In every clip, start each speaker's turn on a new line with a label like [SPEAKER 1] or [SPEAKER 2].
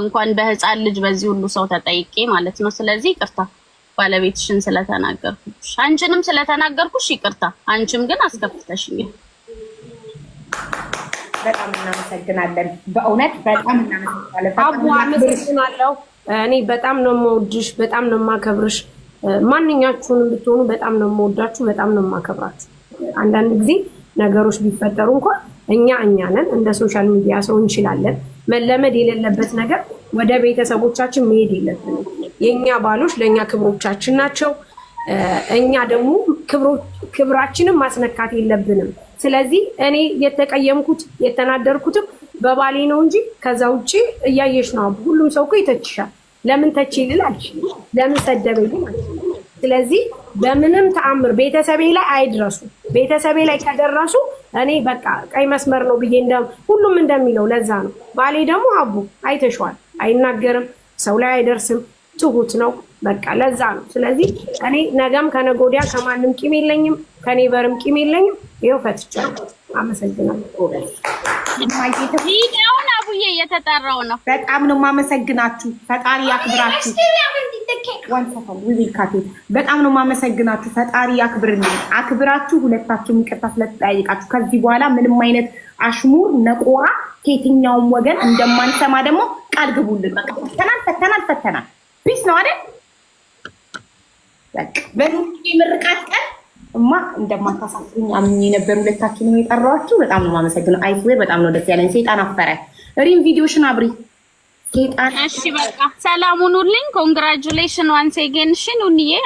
[SPEAKER 1] እንኳን በህፃን ልጅ በዚህ ሁሉ ሰው ተጠይቄ ማለት ነው። ስለዚህ ይቅርታ ባለቤትሽን ስለተናገርኩሽ፣ አንቺንም ስለተናገርኩሽ ይቅርታ። አንቺም ግን አስከፍተሽኛል።
[SPEAKER 2] በጣም እናመሰግናለን። በእውነት በጣም
[SPEAKER 3] እናመሰግናለሁ። እኔ በጣም ነው የምወድሽ፣ በጣም ነው የማከብርሽ። ማንኛችሁንም ብትሆኑ በጣም ነው የምወዳችሁ፣ በጣም ነው የማከብራችሁ። አንዳንድ ጊዜ ነገሮች ቢፈጠሩ እንኳን እኛ እኛ ነን። እንደ ሶሻል ሚዲያ ሰው እንችላለን መለመድ የሌለበት ነገር ወደ ቤተሰቦቻችን መሄድ የለብንም። የእኛ ባሎች ለእኛ ክብሮቻችን ናቸው። እኛ ደግሞ ክብራችንም ማስነካት የለብንም። ስለዚህ እኔ የተቀየምኩት የተናደርኩትም በባሌ ነው እንጂ ከዛ ውጭ እያየሽ ነው። ሁሉም ሰው እኮ ይተችሻል። ለምን ተች ይልላል? ለምን ሰደበኝ ስለዚህ በምንም ተአምር ቤተሰቤ ላይ አይድረሱ። ቤተሰቤ ላይ ከደረሱ እኔ በቃ ቀይ መስመር ነው ብዬ ሁሉም እንደሚለው ለዛ ነው። ባሌ ደግሞ አቡ አይተሸዋል፣ አይናገርም፣ ሰው ላይ አይደርስም፣ ትሁት ነው። በቃ ለዛ ነው። ስለዚህ እኔ ነገም ከነጎዲያ ከማንም ቂም የለኝም፣ ከኔበርም ቂም የለኝም። ይኸው ፈትቻለሁ። አመሰግናለሁ።
[SPEAKER 1] አቡዬ እየተጠራው ነው።
[SPEAKER 3] በጣም ነው የማመሰግናችሁ። ፈጣሪ ያክብራችሁ። በጣም ነው የማመሰግናችሁ። ፈጣሪ ያክብርልኝ። አክብራችሁ ሁለታችሁም ይቅርታ ስለተጠያየቃችሁ ከዚህ በኋላ ምንም አይነት አሽሙር ነቆራ ከየትኛውም ወገን እንደማንሰማ ደግሞ ቃል ግቡልን። ፈተናል ፈተናል ፈተናል። ፒስ ነው አይደል? በምርቃት ቀን እማ እንደማታሳፍሩኝ አምኜ ነበር። ሁለታችሁንም የጠራኋችሁ በጣም ነው የማመሰግነው። አይስዌር በጣም ነው ደስ ያለኝ። ሴጣን አፈረ። ሪም ቪዲዮሽን አብሪ።
[SPEAKER 1] እሺ በቃ ሰላም ሁኑልኝ። ኮንግራጁሌሽን ዋንስ አጌን። እሺ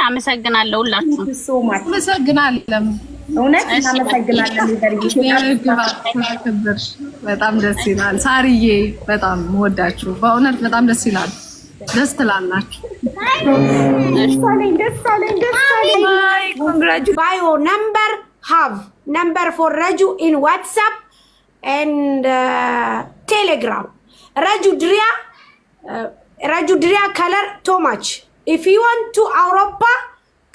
[SPEAKER 1] አመሰግናለሁ። ሁላችሁ
[SPEAKER 3] አመሰግናለሁ። እውነት አመሰግናለሁ። በጣም ደስ ይላል። በጣም ወዳችሁ በእውነት በጣም ደስ ይላል። ደስ ትላላችሁ።
[SPEAKER 4] ባዮ ነምበር ሃቭ ነምበር ፎር ረጁ ኢን ዋትሳፕ ኤንድ ቴሌግራም ረጁ ድሪያ ረጁ ድሪያ ከለር ቶማች ኢፍ ዩ ዋንት ቱ አውሮፓ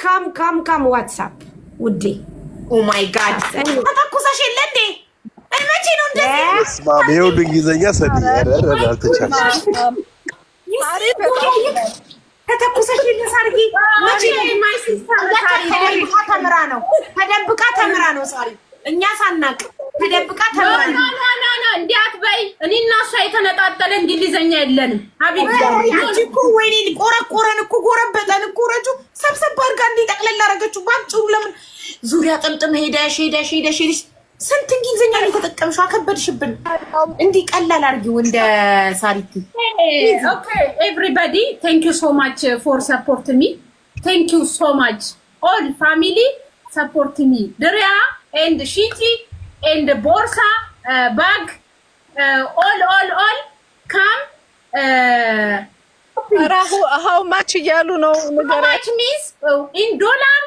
[SPEAKER 4] ካም ካም ካም ዋትሳፕ ውዴ። ኦ ማይ ጋድ
[SPEAKER 1] ተተኩሰሽ የለ እንዴ? መቼ ነው እንደዚህ እንግሊዝኛ ተተኩሰሽ ሳርጊ መቼ ማይ ሲስተር ተምራ ነው ተደብቃ ተምራ ነው ሳሪ እኛ ሳናቅ ተደብቃ እንዲህ አትበይ። እኔ እና እሷ የተነጣጠለ እንግሊዘኛ የለንም። አቤት እኮ ወይኔ ቆረቆረን እኮ ጎረበጠን እኮ ረጁ ሰብሰብ አድርጋ እንዲህ ጠቅለል አደረገችው። ባጭሩ ለምን ዙሪያ ጥምጥም ሄደሽ ሄደሽ ሄደሽ ሄደሽ ስንት እንግሊዝኛ ነው የተጠቀምሽው? አከበድሽብን። እንዲህ ቀላል አድርጊው እንደ ሳሪቱ።
[SPEAKER 4] ኤቭሪባዲ ቴንክ ዩ ሶ ማች ፎር ሰፖርት ሚ ቴንክ ዩ ሶ ማች ኦል ፋሚሊ ሰፖርት ሚ ድሪያ ኤንድ ሺቲ ኤንድ ቦርሳ ባግ ኦል ኦል ኦል ካም
[SPEAKER 3] ራሁ ሀው ማች እያሉ ነው።
[SPEAKER 4] ማች ሚንስ ኢን ዶላር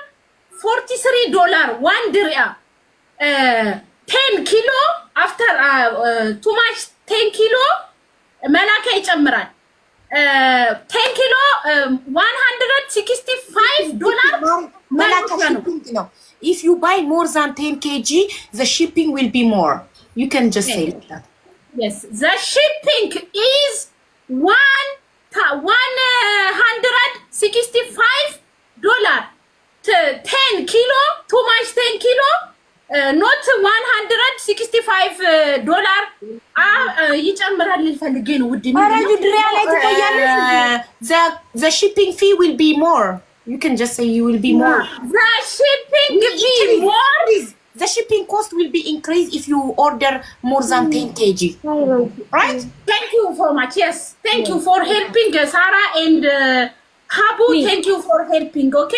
[SPEAKER 4] ፎርቲ ስሪ ዶላር ዋን ድሪያ ቴን ኪሎ አፍተር ቱ ማች ቴን ኪሎ መላኪያ ይጨምራል። ቴን ኪሎ ዋን ሀንድረድ ሲክስቲ ፋይቭ ዶላር ነው።
[SPEAKER 5] ኢፍ ዩ ባይ ሞር ዛን ቴን ኬጂ ዘ ሺፒንግ ዊል ቢ ሞር ዩ ካን ጀስት ሴይ ላይክ ዛት
[SPEAKER 4] የስ ዘ ሺፒንግ ኢዝ ዋን ሀንድረድ ሲክስቲ ፋይቭ ዶላር ቴን ኪሎ ቱ ማች ቴን ኪሎ ኖት ዋን ሀንድረድ ሲክስቲ ፋይቭ ዶላር ይጨምራል ልፈልጌ ነው። ውድ ድሪያ
[SPEAKER 5] ላይ ትቆያለሽ። ዘ ሺፒንግ ፊ ዊል ቢ ሞር ዩ ካን ጀስት ሴይ ዩ ዊል ቢ ሞር
[SPEAKER 4] ዘ ሺፒንግ ቢ ሞር
[SPEAKER 5] ዘ ሺፒንግ ኮስት ዊል ቢ ኢንክሪዝ ኢፍ ዩ ኦርደር ሞር ዛን ቴን ኬጂ ራይት
[SPEAKER 4] ታንክ ዩ ፎር ማች የስ ታንክ ዩ ፎር ሄልፒንግ ሳራ ኤንድ ሀቡ ቴንክ ዩ ፎር ሄልፒንግ ኦኬ።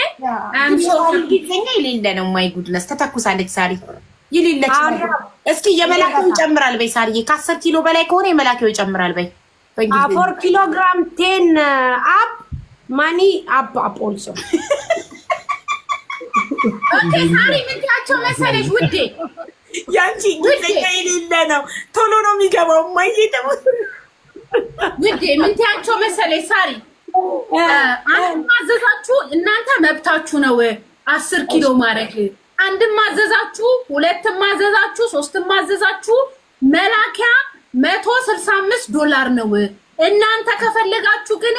[SPEAKER 1] ጊዜኛ የሌለ ነው። ማይ ተተኩሳለች ሳሪ የሌለች እስኪ የመላኪው ይጨምራል በይ ሳሪዬ፣ ከአስር ኪሎ በላይ ከሆነ የመላኪው ይጨምራል በይ።
[SPEAKER 3] ፎር ኪሎግራም ቴን አፕ ማኒ አፕ አፕ ኦልሶ
[SPEAKER 1] ኦኬ። ሳሪ ምንትያቸው መሰለሽ ውዴ፣
[SPEAKER 3] ያንቺ ጊዜኛ የሌለ ነው። ቶሎ ነው የሚገባው። ማየ ደግሞ
[SPEAKER 1] ውዴ ምንትያቸው መሰለሽ ሳሪ አንድ ማዘዛችሁ እናንተ መብታችሁ ነው። አስር ኪሎ ማድረግ አንድም ማዘዛችሁ፣ ሁለትም ማዘዛችሁ፣ ሶስትም ማዘዛችሁ መላኪያ መቶ ስልሳ አምስት ዶላር ነው። እናንተ ከፈለጋችሁ ግን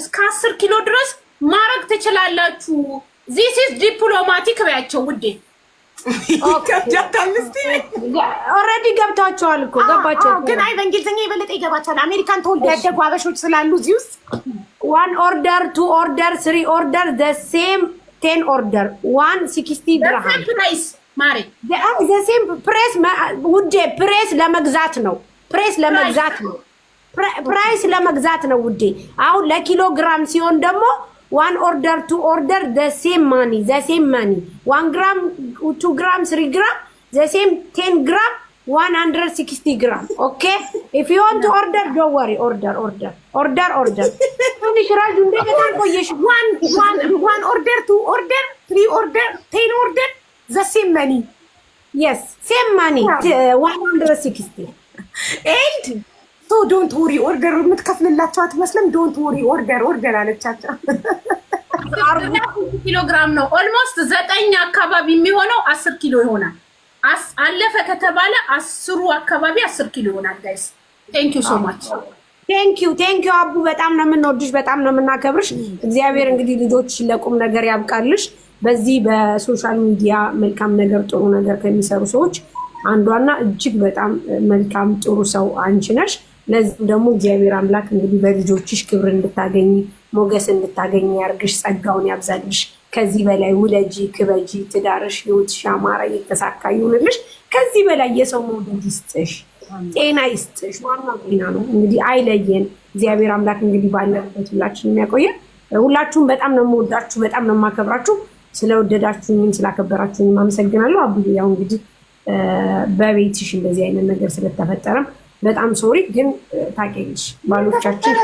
[SPEAKER 1] እስከ አስር ኪሎ ድረስ ማድረግ ትችላላችሁ። ዚስ ኢዝ ዲፕሎማቲክ በያቸው ውዴ።
[SPEAKER 3] ኦልሬዲ ገብታችኋል እኮ
[SPEAKER 1] ገባቸው። ግን አይ በእንግሊዝኛ የበለጠ ይገባቸዋል። አሜሪካን ተወልደ ያደጉ አበሾች ስላሉ እዚህ ውስጥ
[SPEAKER 3] ዋን ኦርደር ቱ ኦርደር ስሪ ኦርደር ዘ ሴም ቴን ኦርደር ዋን ሲክስቲ ድርሃም ሴም ፕሬስ ውዴ ፕሬስ ለመግዛት ነው። ፕሬስ ለመግዛት ነው። ፕራይስ ለመግዛት ነው ውዴ። አሁን ለኪሎ ግራም ሲሆን ደግሞ ዋን ኦርደር ቱ ኦርደር ዘ ሴም ማኒ ዘ ሴም ማኒ ዋን ግራም ቱ ግራም ስሪ ግራም ዘ ሴም ቴን ግራም ዋን ሀንድረድ ግራም ኦኬ ኢፍ ዩ ዋንት ኦርደር ዶ ወሪ ኦርደር ኦርደር ኦርደር ኦርደር ትንሽ ራጁ
[SPEAKER 1] እንደ ቆየሽ ዋን ዋን ዋን ኦርደር ቱ ኦርደር ትሪ ኦርደር ቴን ኦርደር ዘ ሴም መኒ
[SPEAKER 3] የስ ሴም መኒ ዋን ሀንድረድ ሲክስቲ
[SPEAKER 1] ኤንድ ሶ ዶንት ወሪ ኦርደር የምትከፍልላቸው አትመስልም ዶንት ወሪ ኦርደር ኦርደር አለቻቸው አርባ ኪሎ ግራም ነው ኦልሞስት ዘጠኝ አካባቢ የሚሆነው አስር ኪሎ ይሆናል አለፈ ከተባለ አስሩ አካባቢ አስር ኪሎ ይሆናል። ጋይስ ቴንክ ሶ ማች
[SPEAKER 3] ቴንክ ዩ አቡ፣ በጣም ነው የምንወድሽ፣ በጣም ነው የምናከብርሽ። እግዚአብሔር እንግዲህ ልጆች ለቁም ነገር ያብቃልሽ። በዚህ በሶሻል ሚዲያ መልካም ነገር ጥሩ ነገር ከሚሰሩ ሰዎች አንዷና እጅግ በጣም መልካም ጥሩ ሰው አንቺ ነሽ። ለዚህም ደግሞ እግዚአብሔር አምላክ እንግዲህ በልጆችሽ ክብር እንድታገኝ ሞገስ እንድታገኝ ያርግሽ፣ ጸጋውን ያብዛልሽ። ከዚህ በላይ ውለጂ፣ ክበጂ፣ ትዳርሽ፣ ህይወትሽ ያማረ የተሳካ ይሁንልሽ። ከዚህ በላይ የሰው መውደድ ይስጥሽ፣ ጤና ይስጥሽ። ዋና ጤና ነው። እንግዲህ አይለየን እግዚአብሔር አምላክ እንግዲህ ባለበት ሁላችን የሚያቆየን። ሁላችሁም በጣም ነው የምወዳችሁ፣ በጣም ነው የማከብራችሁ። ስለወደዳችሁኝም ስላከበራችሁኝም አመሰግናለሁ። አብዱ ያው እንግዲህ በቤትሽ እንደዚህ አይነት ነገር ስለተፈጠረም በጣም ሶሪ፣ ግን ታውቂያለሽ ባሎቻችን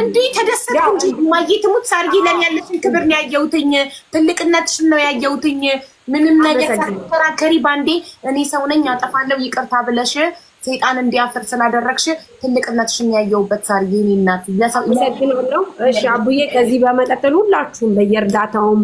[SPEAKER 1] እንዴ ተደሰትኩ እንጂ እማዬ ትሙት ሳርጌ ለኔ ያለሽን ክብር ነው ያየሁትኝ። ትልቅነትሽን ነው ያየሁትኝ። ምንም ነገር ሳትከራከሪ ባንዴ እኔ ሰው ነኝ አጠፋለሁ ይቅርታ ብለሽ ሰይጣን እንዲያፈር ስላደረግሽ ትልቅነትሽን ያየሁበት ሳርጊ እኔ እናት
[SPEAKER 3] ሰግናለሁ። እሺ አቡዬ፣ ከዚህ በመቀጠል ሁላችሁም በየእርዳታውም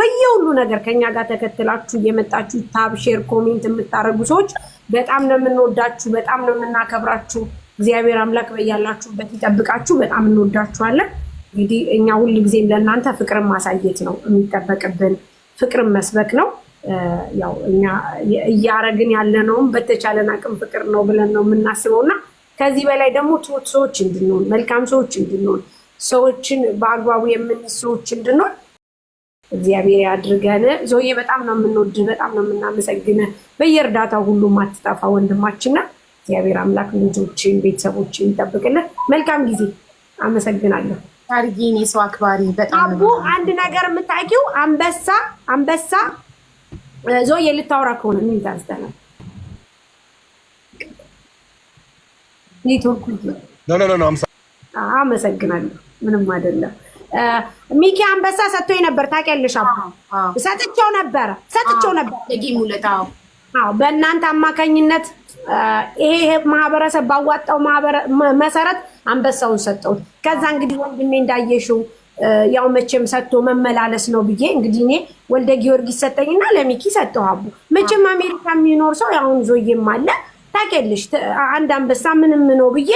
[SPEAKER 3] በየሁሉ ነገር ከኛ ጋር ተከትላችሁ እየመጣችሁ ታብ፣ ሼር፣ ኮሜንት የምታደርጉ ሰዎች በጣም ነው የምንወዳችሁ፣ በጣም ነው የምናከብራችሁ። እግዚአብሔር አምላክ በያላችሁበት ይጠብቃችሁ። በጣም እንወዳችኋለን። እንግዲህ እኛ ሁል ጊዜም ለእናንተ ፍቅርን ማሳየት ነው የሚጠበቅብን፣ ፍቅርን መስበክ ነው። ያው እኛ እያረግን ያለነውም በተቻለን አቅም ፍቅር ነው ብለን ነው የምናስበው እና ከዚህ በላይ ደግሞ ትሁት ሰዎች እንድንሆን፣ መልካም ሰዎች እንድንሆን፣ ሰዎችን በአግባቡ የምንይዝ ሰዎች እንድንሆን እግዚአብሔር ያድርገን። ዞዬ በጣም ነው የምንወድ፣ በጣም ነው የምናመሰግነ። በየእርዳታው ሁሉ ማትጠፋ ወንድማችን እግዚአብሔር አምላክ ልጆችን ቤተሰቦችን ይጠብቅልን። መልካም ጊዜ። አመሰግናለሁ።
[SPEAKER 1] ታርጊን የሰው አክባሪ
[SPEAKER 3] በጣም አቡ። አንድ ነገር የምታውቂው አንበሳ አንበሳ ዞዬ ልታወራ ከሆነ ምን ይዛዝተና ኔትወርኩ አመሰግናለሁ። ምንም አይደለም። ሚኪ አንበሳ ሰጥቶኝ ነበር ታውቂያለሽ? ሰጥቼው ነበረ ሰጥቼው ነበር
[SPEAKER 1] ለጌሙ ለታው
[SPEAKER 3] አዎ በእናንተ አማካኝነት ይሄ ማህበረሰብ ባዋጣው መሰረት አንበሳውን ሰጠውት። ከዛ እንግዲህ ወንድሜ እንዳየሽው ያው መቼም ሰጥቶ መመላለስ ነው ብዬ እንግዲህ እኔ ወልደ ጊዮርጊስ ሰጠኝና ለሚኪ ሰጠው። አቡ መቼም አሜሪካ የሚኖር ሰው ያሁን ዞዬም አለ ታውቂያለሽ፣ አንድ አንበሳ ምንም ነው ብዬ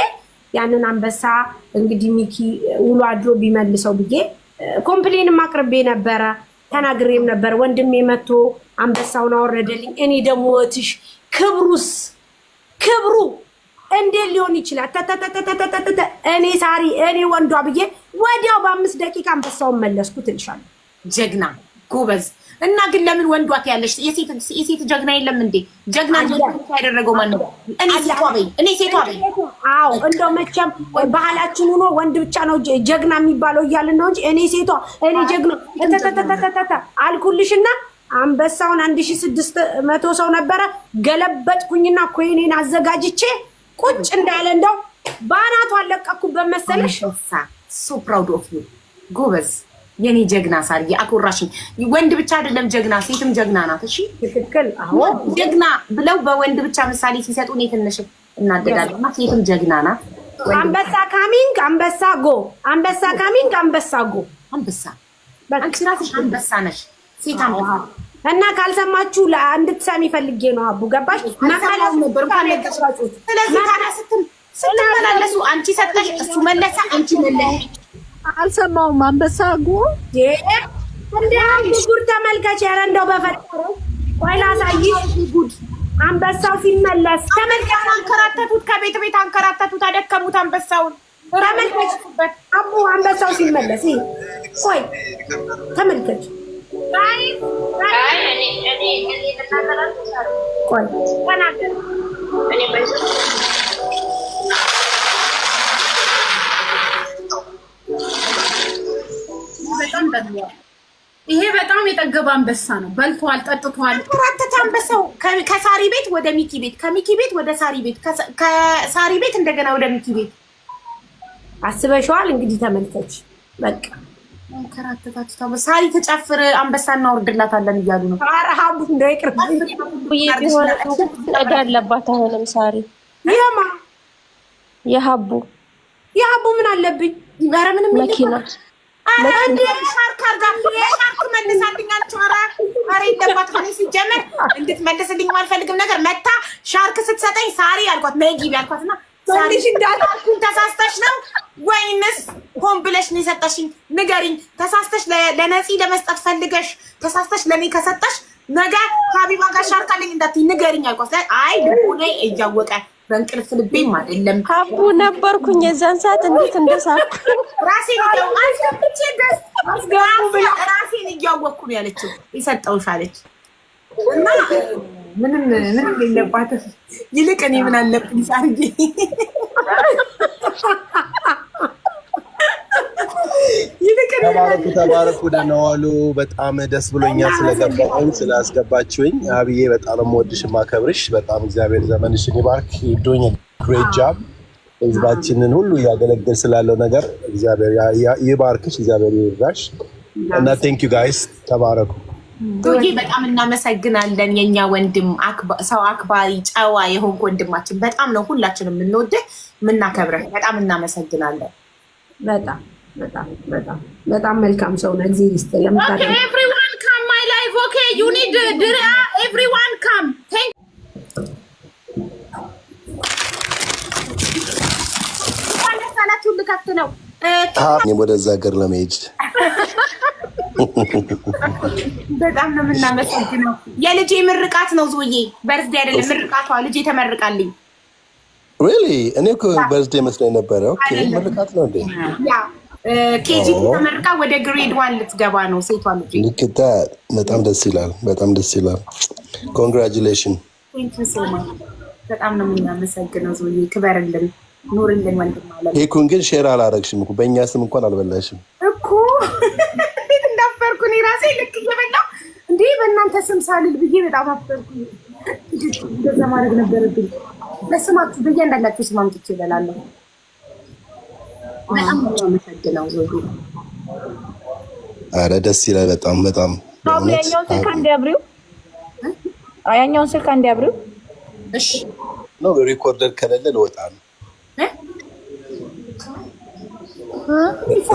[SPEAKER 3] ያንን አንበሳ እንግዲህ ሚኪ ውሎ አድሮ ቢመልሰው ብዬ ኮምፕሌንም አቅርቤ ነበረ። ተናግሬም ነበር። ወንድሜ መቶ አንበሳውን አወረደልኝ። እኔ ደግሞ እህትሽ ክብሩስ ክብሩ እንዴት ሊሆን ይችላል? እኔ ሳሪ እኔ ወንዷ ብዬ ወዲያው በአምስት ደቂቃ አንበሳውን መለስኩ ትንሻለ
[SPEAKER 1] ጀግና ጎበዝ እና ግን ለምን ወንዷት ያለሽ የሴት ጀግና የለም እንዴ? ጀግና ያደረገው ማን ነው? እኔ ሴቷ በይ፣ እኔ ሴቷ በይ።
[SPEAKER 3] አዎ እንደው መቼም ባህላችን ሆኖ ወንድ ብቻ ነው ጀግና የሚባለው እያልን ነው እንጂ እኔ ሴቷ፣ እኔ ጀግና አልኩልሽና አንበሳውን አንድ ሺ ስድስት መቶ ሰው ነበረ ገለበጥኩኝና ኮይኔን አዘጋጅቼ ቁጭ እንዳለ እንደው በአናቱ አለቀኩበት መሰለሽ።
[SPEAKER 1] ሶ ፕራውድ ኦፍ ዩ ጎበዝ የኔ ጀግና ሳርዬ አኮራሽኝ። ወንድ ብቻ አይደለም ጀግና፣ ሴትም ጀግና ናት። እሺ ትክክል። አሁን ጀግና ብለው በወንድ ብቻ ምሳሌ ሲሰጡ እኔ ትንሽ እናደዳለና ሴትም ጀግና ናት።
[SPEAKER 3] አንበሳ ካሚንግ አንበሳ ጎ፣ አንበሳ ካሚንግ አንበሳ ጎ።
[SPEAKER 1] አንበሳ አንቺ ራስሽ አንበሳ ነሽ። ሴት
[SPEAKER 3] አንበሳ እና ካልሰማችሁ እንድትሰሚ ፈልጌ ነው። አቡ ገባሽ? መካላስ ነበር
[SPEAKER 1] ስለዚህ ካላ ስትል ስትመላለሱ አንቺ ሰጠሽ እሱ መለሰ አንቺ መለህ
[SPEAKER 3] አልሰማውም። አንበሳ ጉ ጉድ ተመልከች። ኧረ እንደው በፈጠረ ቆይ ላሳይሽ ጉድ። አንበሳው ሲመለስ ተመልከች። አንከራተቱት፣ ከቤት ቤት አንከራተቱት፣ አደከሙት አንበሳውን። ተመልከችበት አቦ አንበሳው ሲመለስ ቆይ ተመልከች። ቆይ ተናገር
[SPEAKER 1] ያልጠገበ አንበሳ ነው። በልቷል፣ ጠጥቷል። ተንኮራተተ አንበሳው ከሳሪ ቤት ወደ ሚኪ ቤት፣ ከሚኪ ቤት ወደ ሳሪ ቤት፣ ከሳሪ ቤት እንደገና ወደ ሚኪ ቤት።
[SPEAKER 3] አስበሽዋል እንግዲህ ተመልከች። በቃ
[SPEAKER 1] ተንከራተታችሁ። ሳሪ ተጨፍር፣ አንበሳ እናወርድላታለን እያሉ ነው።
[SPEAKER 3] ኧረ ሀቡ እንደው አለባት። አሁንም ሳሪ የማ የሀቡ
[SPEAKER 1] የሀቡ ምን አለብኝ? ኧረ ምንም መኪና ሰባት ሆኔ ሲጀመር እንድትመልስልኝ አልፈልግም ነገር መታ ሻርክ ስትሰጠኝ ሳሪ ያልኳት መጊብ ያልኳት ና ሳሪሽ እንዳልኩን ተሳስተሽ ነው ወይንስ ሆን ብለሽ ነው የሰጠሽኝ? ንገሪኝ። ተሳስተሽ ለነፂ ለመስጠት ፈልገሽ ተሳስተሽ ለእኔ ከሰጠሽ ነገ ሀቢባ ጋር ሻርክ አለኝ እንዳትዪ ንገሪኝ አልኳት። አይ ሆነ እያወቀ በእንቅልፍ ልቤም አይደለም
[SPEAKER 3] ሀቡ ነበርኩኝ የዛን ሰዓት እንዴት እንደሳኩ
[SPEAKER 1] ራሴን እያወቅኩ ነው ያለችው። ይሰጠውሻለች
[SPEAKER 3] እና ምንም ምንም
[SPEAKER 1] ይልቅ እኔ ምን አለብኝ ሳርጌ
[SPEAKER 6] ተባረኩ ተባረኩ። ደህና ዋሉ። በጣም ደስ ብሎኛል ስለገባሁኝ ስላስገባችሁኝ። አብዬ በጣም የምወድሽ የማከብርሽ፣ በጣም እግዚአብሔር ዘመንሽን ይባርክ። ዶኝ ግሬት ጃብ ህዝባችንን ሁሉ እያገለግል ስላለው ነገር እግዚአብሔር ይባርክሽ፣ እግዚአብሔር ይርዳሽ እና ቴንክ ዩ ጋይስ ተባረኩ።
[SPEAKER 1] ጉጌ በጣም እናመሰግናለን። የኛ ወንድም ሰው አክባሪ ጨዋ የሆንክ ወንድማችን በጣም ነው ሁላችንም የምንወደህ የምናከብረህ። በጣም እናመሰግናለን።
[SPEAKER 3] በጣም በጣም በጣም በጣም መልካም ሰው ነው። እግዚአብሔር
[SPEAKER 4] ይስጥልህ። ኤቭሪዋን ካም ማይ ላይፍ ኦኬ ዩ ኒድ ድሪያ ኤቭሪዋን ካም ቴንክ
[SPEAKER 6] ነው ወደዛ ሀገር ለመሄድ
[SPEAKER 1] በጣም ነው የምናመሰግነው። የልጄ ምርቃት ነው ዙዬ፣ በርዝዴ አይደለም ምርቃቷ። ልጄ ተመርቃልኝ።
[SPEAKER 6] ሪሊ እኔ እኮ በርዝዴ መስሎኝ ነበረ። ምርቃት ነው እንዴ?
[SPEAKER 1] ኬጂ ተመርቃ ወደ ግሬድ ዋን ልትገባ ነው ሴቷ ልጄ።
[SPEAKER 6] ልክታ በጣም ደስ ይላል። በጣም ደስ ይላል። ኮንግራጁሌሽን።
[SPEAKER 1] በጣም ነው የምናመሰግነው ዙዬ፣ ክበርልን፣ ኑርልን
[SPEAKER 6] ወንድማለ ማለት። ይሄ ግን ሼር አላረግሽም እኮ በእኛ ስም እንኳን አልበላሽም
[SPEAKER 1] እኮ እኔ ራሴ ልክ እየበላሁ እንዴ በእናንተ ስም ሳልል ብዬ በጣም እንደዛ ማድረግ ነበረብኝ። ስም አምጥቼ እበላለሁ። በጣም
[SPEAKER 6] ደስ ይላል። በጣም በጣም
[SPEAKER 3] ያኛውን ስልክ አንድ ያኛውን ስልክ
[SPEAKER 6] እሺ ነው ሪኮርደር ከሌለ ልወጣ ነው።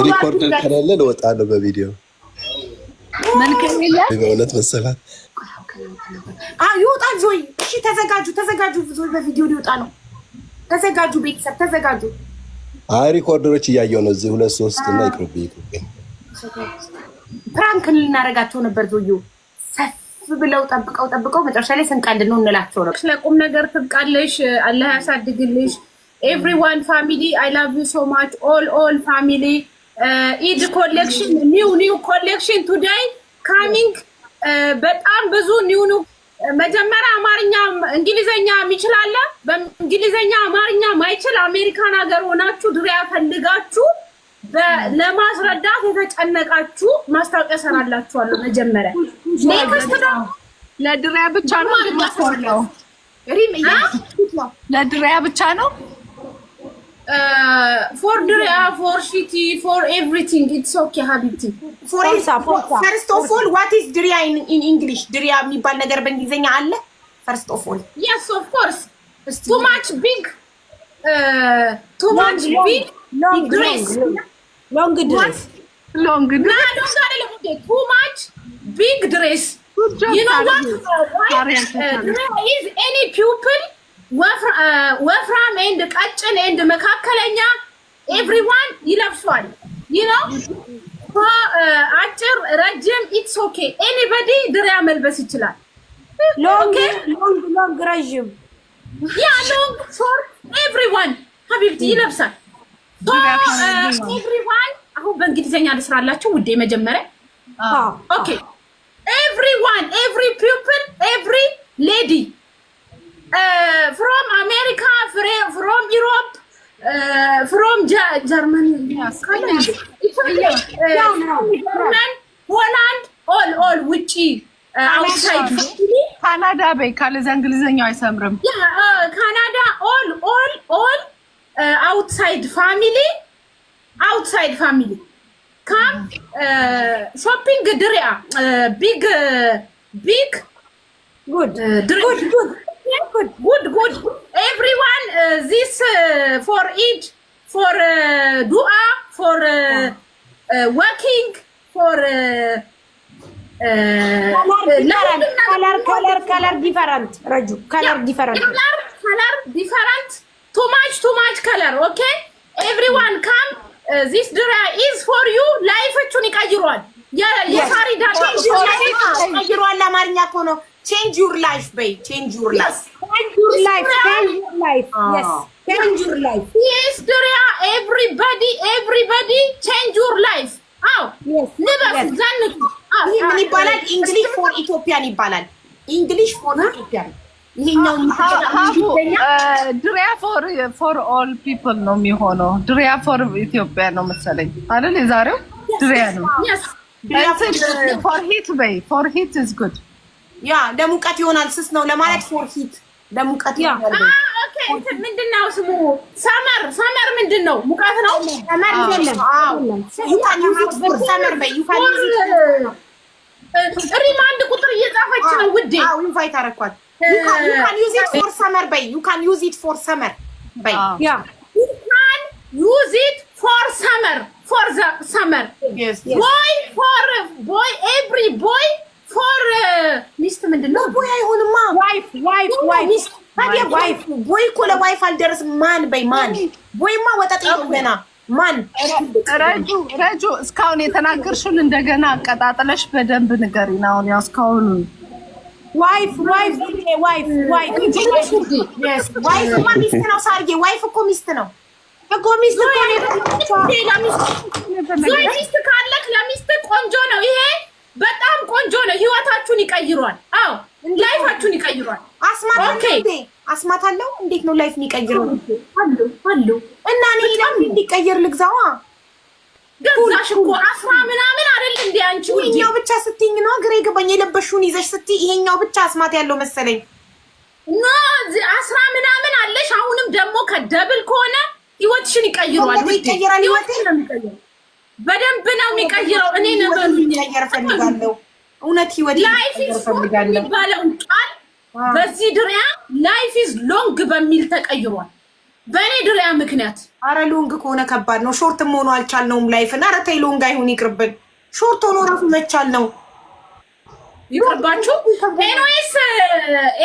[SPEAKER 6] ሪኮርደር ከሌለ ልወጣ ነው በቪዲዮ በእውነት
[SPEAKER 1] መሰላት ይወጣል። ዞይ እሺ፣ ተዘጋጁ ተዘጋጁ። ዞይ በቪዲዮ ሊወጣ ነው። ተዘጋጁ ቤተሰብ ተዘጋጁ።
[SPEAKER 6] አይ ሪኮርደሮች እያየሁ ነው። እዚህ ሁለት ሶስት እና ይቅርብ
[SPEAKER 1] ፕራንክ ልናደርጋቸው ነበር። ዞዩ ሰፍ ብለው ጠብቀው ጠብቀው መጨረሻ ላይ ስንቀልድ ነው እንላቸው ነው። ለቁም ነገር ትብቃለሽ። አላህ ያሳድግልሽ። ኤቭሪዋን ፋሚሊ አይ ላቭ ዩ ሶ ማች ኦል ኦል ፋሚሊ ኢድ ኮሌክሽን ኒው ኒው ኮሌክሽን ቱዳይ ካሚንግ በጣም ብዙ ኒው ኒው መጀመሪያ አማርኛ እንግሊዘኛ የሚችላለ በእንግሊዘኛ አማርኛ ማይችል አሜሪካን ሀገር ሆናችሁ ድሪያ ፈልጋችሁ ለማስረዳት የተጨነቃችሁ ማስታወቂያ ሰራላችኋለሁ። መጀመሪያ
[SPEAKER 3] ለድሪያ ብቻ ነው። ለድሪያ ብቻ ነው።
[SPEAKER 4] ፎር ድሪያ ፎር ሽቲ ፎር ኤቭሪቲንግ ኢትስ ኦኬ ሀቢብቲ
[SPEAKER 1] ፈርስት ኦፍ ኦል ዋት ኢዝ ድሪያ ኢን ኢንግሊሽ ድሪያ የሚባል ነገር በእንግሊዝኛ አለ ፈርስት ኦፍ ኦል
[SPEAKER 4] የስ ኦፍ ኮርስ ቱ ማች ቢግ ቱ ማች ቢግ ድሬስ
[SPEAKER 3] ሎንግ ድሬስ
[SPEAKER 4] ሎንግ ድሬስ አይደለም ቱ ማች ቢግ ድሬስ ዩ ኖ ዋት ድሬስ ኢዝ ኤኒ ፒፕል ወፍራም ኤንድ ቀጭን ኤንድ መካከለኛ ኤቭሪዋን ይለብሷል። ይህ ነው አጭር ረጅም ኢትስ ኦኬ ኤኒበዲ ድሪያ መልበስ ይችላል።
[SPEAKER 3] ሎንግ ረዥም
[SPEAKER 4] ያ ሎንግ ሾርት ኤቭሪዋን ሀቢብቲ ይለብሳል። ኤቭሪዋን አሁን በእንግሊዝኛ ልስራላችሁ ውዴ መጀመሪያ ኦኬ ኤቭሪዋን ኤቭሪ ፒፕል ኤቭሪ ሌዲ ፍሮም አሜሪካ ፍሮም ኢሮፕ ፍሮም ጀርመን ሆላንድ ኦል ኦል ውጪ አውትሳይድ
[SPEAKER 3] ካናዳ በይ ካለዛ እንግሊዝኛው አይሰምርም።
[SPEAKER 4] ካናዳ ኦል ኦል ኦል አውትሳይድ ፋሚሊ አውትሳይድ ፋሚሊ ካም ሾፒንግ ድሪያ ቢግ ቢግ ጉድ ድሪያ ጉድ ጉድ ኤቭሪዋን ዚስ ፎር ኢድ ፎር ዱአ ፎር ወኪንግ ፎር
[SPEAKER 3] ከለር ዲፈረንት ረጁ ከለር ዲፈረንት
[SPEAKER 4] ከለር ዲፈረንት ቱ ማች ቱ ማች ከለር ኦኬ ኤቭሪዋን ካም ዚስ ድራ ኢዝ ፎር ዩ ላይፈቹን ይቀይሯል። የሳሪ
[SPEAKER 1] ቀይሯል። ለአማርኛ እኮ ነው ቼንጅ ዩር ላይፍ በይ። ቼንጅ ዩር ላይፍ
[SPEAKER 4] ዱሪያ ኤቭሪባዲ ኤቭሪባዲ ቼንጅ ዩር ላይፍ ልበስ ዘንቱ።
[SPEAKER 1] ይህ ምን ይባላል? ኢንግሊሽ ፎር ኢትዮጵያን ይባላል። ኢንግሊሽ ፎር ኢትዮጵያን
[SPEAKER 3] ይሄኛው ድሪያ ፎር ኦል ፒፕል ነው የሚሆነው። ድሪያ ፎር ኢትዮጵያ ነው መሰለኝ አይደል? የዛሬው ድሪያ ነው። ፎር ሂት በይ። ፎር ሂት ኢዝ ጉድ
[SPEAKER 1] ያ ለሙቀት ይሆናል። ስስ ነው ለማለት ፎር ሂት ለሙቀት ይሆናል።
[SPEAKER 4] ምንድን ነው ስሙ? ሰመር ሰመር ምንድን ነው? ሙቀት ነው።
[SPEAKER 1] ሰመር ሰመር በይ ቁጥር እየጻፈች ነው ውዴ። ኢንቫይት አደረኳት። ዩዝ ኢት ፎር ሰመር በይ። ዩ ዩዝ ኢት ፎር ሰመር
[SPEAKER 4] በይ። ያ ዩ ዩዝ ኢት ፎር ሰመር ፎር ሰመር ቦይ ፎር ቦይ ኤቭሪ ቦይ ፎር
[SPEAKER 1] ሚስት ምንድን ነው? ቦይ አይሆንማ።
[SPEAKER 4] ዋይፍ ዋይፍ ዋይፍ
[SPEAKER 1] ታዲያ ዋይፍ ቦይ እኮ ለዋይፍ አልደረስም። ማን በይ ማን ቦይማ ወጠጤ ነው ገና ማን
[SPEAKER 3] ረጁ ረጁ እስካሁን የተናገርሽውን እንደገና አቀጣጥለሽ በደንብ ንገሪን። አሁን ያው እስካሁን
[SPEAKER 1] ዋይፍ ዋይፍ ዋይፍ ዋይፍ ዋይፍማ ሚስት ነው። ሳርዬ ዋይፍ እኮ ሚስት ነው እኮ ሚስት
[SPEAKER 4] ሚስት ካለክ ለሚስት ቆንጆ ነው ይሄ በጣም ቆንጆ ነው። ህይወታችሁን ይቀይሯል። አዎ ላይፋችሁን ይቀይሯል።
[SPEAKER 1] አስማት አስማት አለው። እንዴት ነው ላይፍ የሚቀይረው? አለው እና እኔ ላይፍ ልግዛዋ ገዛሽ እኮ አስራ ምናምን አይደል እንዴ
[SPEAKER 3] አንቺ? ይሄኛው ብቻ ስትይኝ ነው ግራ የገባኝ። የለበሽውን ይዘሽ ስትይ ይሄኛው ብቻ አስማት ያለው መሰለኝ።
[SPEAKER 4] ኖ አስራ ምናምን አለሽ። አሁንም ደግሞ ከደብል ከሆነ ህይወትሽን ይቀይሯል።
[SPEAKER 1] ይቀይራል። ህይወትሽን ነው የሚቀይረው በደንብ ነው የሚቀይረው። እኔ ነገር ፈልጋለሁ እውነት ህይወት
[SPEAKER 4] ላይፍ ኢዝ የሚባለውን ቃል በዚህ ድሪያ ላይፍ ኢዝ ሎንግ በሚል ተቀይሯል። በእኔ ድሪያ ምክንያት
[SPEAKER 1] አረ ሎንግ ከሆነ ከባድ ነው። ሾርት መሆኑ አልቻልነውም። ላይፍን አረ ተይ ሎንግ አይሆን ይቅርብን። ሾርት ሆኖ ራሱ መቻል ነው
[SPEAKER 4] ይቅርባችሁ። ኤኒዌይስ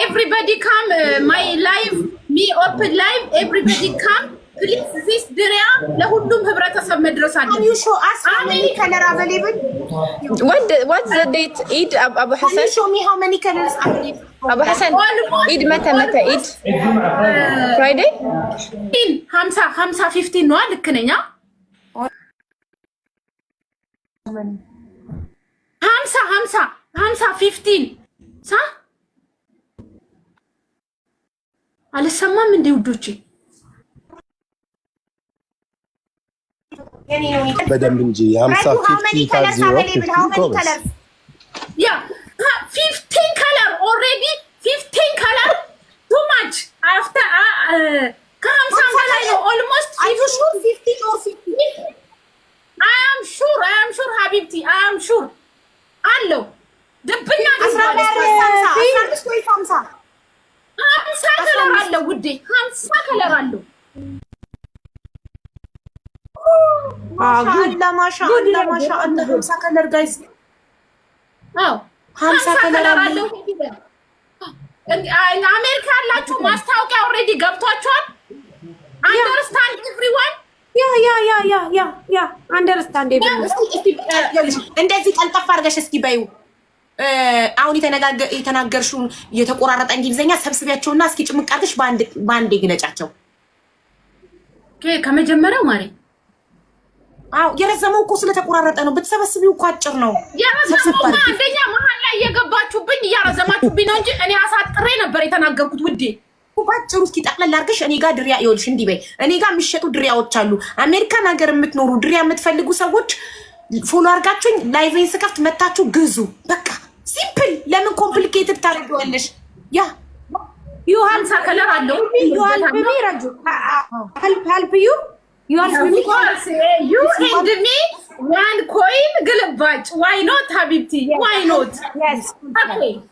[SPEAKER 4] ኤቭሪባዲ ካም ማይ ላይቭ ሚ ኦፕን ላይቭ ኤቭሪባዲ ካም ፕሊዝ ዚስ ድሪያ ለሁሉም ህብረተሰብ መድረስ አለ።
[SPEAKER 1] ሀምሳ ሀምሳ ሀምሳ ፊፍቲን ሳ አልሰማም እንደ ውዶቼ
[SPEAKER 6] በደንብ እንጂ
[SPEAKER 4] ፊፍቲን ከለር ኦልሬዲ ፊፍቲን ከለር ቱ ማች ከሀምሳ በላይ ነው ኦልሞስት አያም ሹር አያም ሹር ሀቢብቲ አያም ሹር አለው
[SPEAKER 1] ድብና ሀምሳ
[SPEAKER 4] ከለር አለው ውዴ ሀምሳ ከለር አለው
[SPEAKER 3] ማሻአላ ማሻአላ ማሻአላ ሀምሳ
[SPEAKER 1] ከለር ጋይስ
[SPEAKER 4] ሀምሳ ከለር አለው። አሜሪካ ያላችሁ ማስታወቂያ ኦልሬዲ ገብቷችኋል። አንደርስታንድ ኤቭሪዋን
[SPEAKER 1] ያ ያ ያ ያ ያ ያ አንደርስታንድ እንደዚህ ቀልጠፍ አድርገሽ እስኪ በይው። አሁን የተናገርሽውን የተቆራረጠ እንግሊዝኛ ሰብስቢያቸውና እስኪ ጭምቅ በአንዴ ግለጫቸው ከመጀመሪያው አዎ የረዘመው እኮ ስለተቆራረጠ ነው። ብትሰበስቢው እኮ አጭር ነው። የረዘመው አንደኛ መሀል ላይ እየገባችሁብኝ እያረዘማችሁብኝ ነው እንጂ እኔ አሳጥሬ ነበር የተናገርኩት ውዴ። ባጭሩ እስኪ ጠቅለል አድርገሽ እኔ ጋር ድሪያ ይኸውልሽ፣ እንዲህ በይ። እኔ ጋር የሚሸጡ ድሪያዎች አሉ። አሜሪካን ሀገር የምትኖሩ ድሪያ የምትፈልጉ ሰዎች ፎሎ አድርጋችሁኝ ላይቬን ስከፍት መታችሁ ግዙ። በቃ ሲምፕል። ለምን ኮምፕሊኬትድ ታደርገዋለሽ? ያ ዩሃን ዩሃን ሳከለር አለው ረጁ ሀልፕ ሀልፕ ዩ
[SPEAKER 4] You are really course, you and me one coin, Why not, Habibti? Yes. Why not?
[SPEAKER 1] Yes. Okay.